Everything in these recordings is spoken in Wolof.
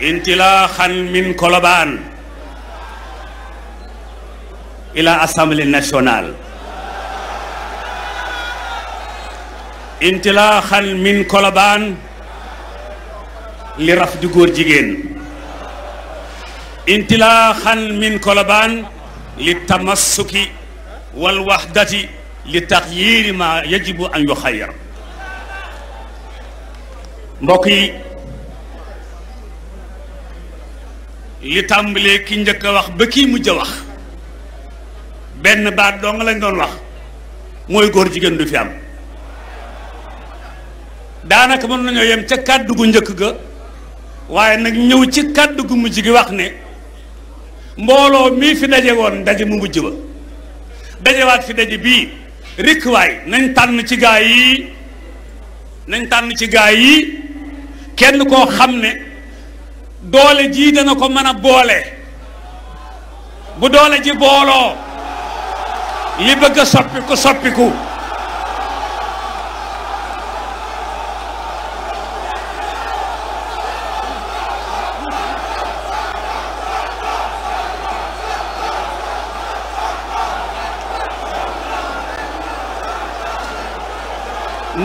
intilaaxan min kolobaan ila assemblée nationale intilaaxan min kolobaan li raf di góor jigéen intilaaxan min kolobaan li tamassuki wal wahdati li taxyiiri ma yajibu an yuxayyar mbokk yi li tàmbalee ki njëkk a wax ba kii mujj a wax benn baat doo lañ doon wax mooy góor jigéen du fi am daanaka mën nañoo yem ca kàdd gu njëkk ga waaye nag ñëw ci kàdd gu mujj gi wax ne mbooloo mii fi daje woon daje mu mujj ba dajewaat fi daje bii rikk waay nañ tànn ci gaa yi nañ tànn ci gaa yi kenn koo xam ne doole jii dana ko mën a boole bu doole ji booloo yi bëgga a soppiku soppiku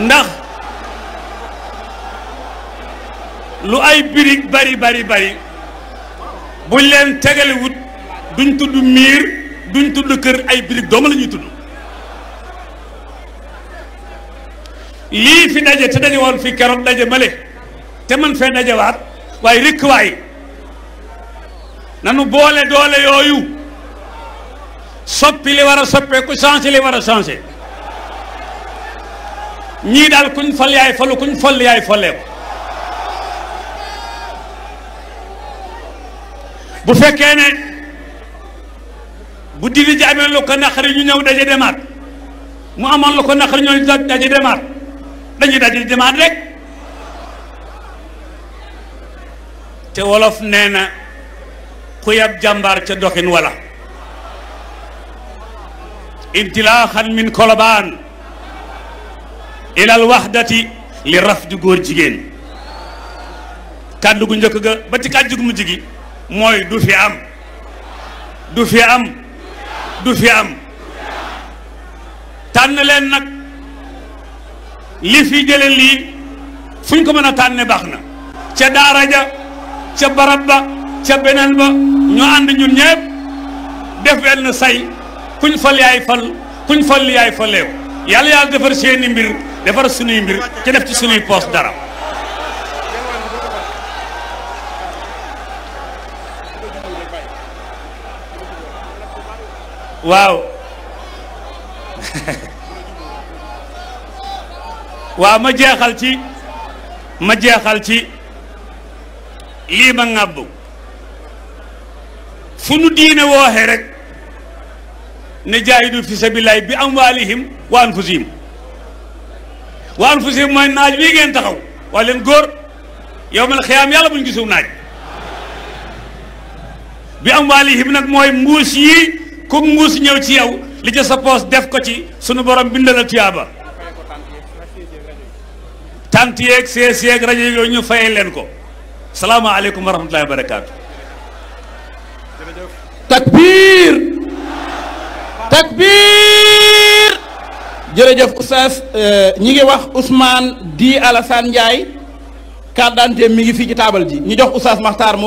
ndax lu ay birig bari bari bari buñ leen tegale wut duñ tudd miir duñ tudd kër ay birig dooma la ñuy tudd lii fi daje te daje woon fi keroog daje male te man fee dajewaat waaye rikk waay nanu boole doole yooyu soppi li war a soppeeku changé li war a changé ñii daal kuñ fal yaay kuñ fal yaay bu fekkee ne bu diri ji amee lu ko naqari ñu ñëw daje demaat mu amoon lu ko naqari ñooñu daje demaat dañuy daje demaat rek te wolof nee na ku yab jàmbaar ca doxin wala imtilaaxan min kolobaan ilal waxdati li raf góor jigéen kàddu gu njëkk ga ba ci kàddu gu mujj gi mooy du fi am du fi am du fi am tànn leen nag li fi jële lii fu ñu ko mën a tànne baax na ca daara ja ca barab ba ca beneen ba ñu ànd ñu ñëpp def na say kuñ fal yaay fal kuñ fal yaay faleew yàlla yàlla defar seeni mbir defar suñuy mbir ci def ci suñuy poos dara waaw waaw ma jeexal ci ma jeexal ci lii ma ŋàbbu fu nu diine wooxe rek ne jaahidu fi sabilillahi bi amwaalihim wa anfusihim wa anfusihim mooy naaj wi ngeen taxaw waa leen góor yowmal xiyaam yàlla buñ gisu naaj bi amwaalihim nag mooy mbuus yi ku mbuus ñëw ci yow li ca sa poos def ko ci suñu borom bindala tuyaaba tant yeeg sees yeeg rajo yooyu ñu fayee leen ko salaamaaleykum wa rahmatullahi wa barakaatu takbir takbir jërëjëf oustaz euh, ñi ngi wax usmaan di Alassane Ndiaye carte d'identité mi ngi fii ci taabal ji ñu jox oustaz Makhtar